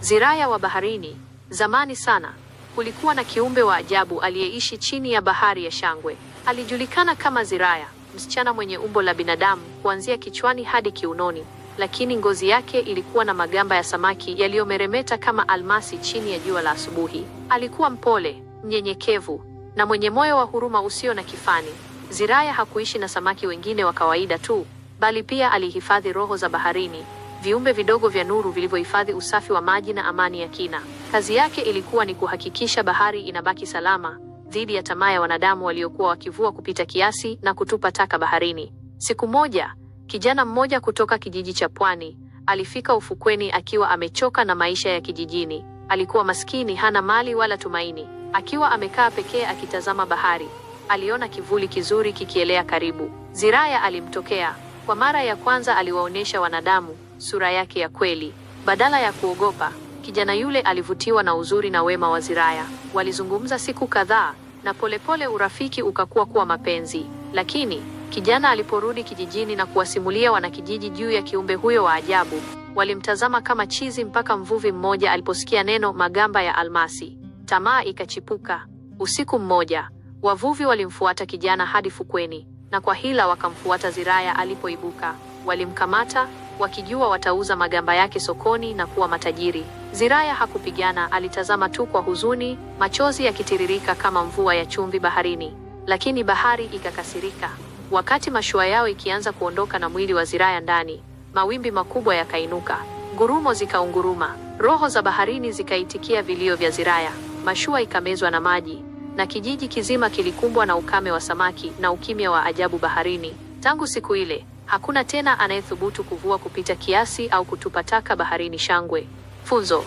Ziraya wa baharini. Zamani sana kulikuwa na kiumbe wa ajabu aliyeishi chini ya bahari ya shangwe. Alijulikana kama Ziraya, msichana mwenye umbo la binadamu kuanzia kichwani hadi kiunoni, lakini ngozi yake ilikuwa na magamba ya samaki yaliyomeremeta kama almasi chini ya jua la asubuhi. Alikuwa mpole, mnyenyekevu na mwenye moyo wa huruma usio na kifani. Ziraya hakuishi na samaki wengine wa kawaida tu, bali pia alihifadhi roho za baharini viumbe vidogo vya nuru vilivyohifadhi usafi wa maji na amani ya kina. Kazi yake ilikuwa ni kuhakikisha bahari inabaki salama dhidi ya tamaa ya wanadamu waliokuwa wakivua kupita kiasi na kutupa taka baharini. Siku moja, kijana mmoja kutoka kijiji cha pwani alifika ufukweni akiwa amechoka na maisha ya kijijini. Alikuwa maskini, hana mali wala tumaini. Akiwa amekaa pekee akitazama bahari, aliona kivuli kizuri kikielea karibu. Ziraya alimtokea. Kwa mara ya kwanza aliwaonyesha wanadamu sura yake ya kweli. Badala ya kuogopa, kijana yule alivutiwa na uzuri na wema wa Ziraya. Walizungumza siku kadhaa na polepole pole urafiki ukakuwa kuwa mapenzi. Lakini kijana aliporudi kijijini na kuwasimulia wanakijiji juu ya kiumbe huyo wa ajabu, walimtazama kama chizi mpaka mvuvi mmoja aliposikia neno magamba ya almasi. Tamaa ikachipuka. Usiku mmoja, wavuvi walimfuata kijana hadi fukweni na kwa hila wakamfuata Ziraya alipoibuka. Walimkamata wakijua watauza magamba yake sokoni na kuwa matajiri. Ziraya hakupigana, alitazama tu kwa huzuni, machozi yakitiririka kama mvua ya chumvi baharini. Lakini bahari ikakasirika. Wakati mashua yao ikianza kuondoka na mwili wa Ziraya ndani, mawimbi makubwa yakainuka, ngurumo zikaunguruma, roho za baharini zikaitikia vilio vya Ziraya. Mashua ikamezwa na maji na kijiji kizima kilikumbwa na ukame wa samaki na ukimya wa ajabu baharini. Tangu siku ile Hakuna tena anayethubutu kuvua kupita kiasi au kutupa taka baharini. Shangwe. Funzo: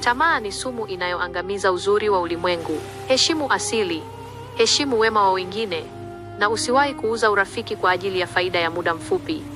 tamaa ni sumu inayoangamiza uzuri wa ulimwengu. Heshimu asili, heshimu wema wa wengine, na usiwahi kuuza urafiki kwa ajili ya faida ya muda mfupi.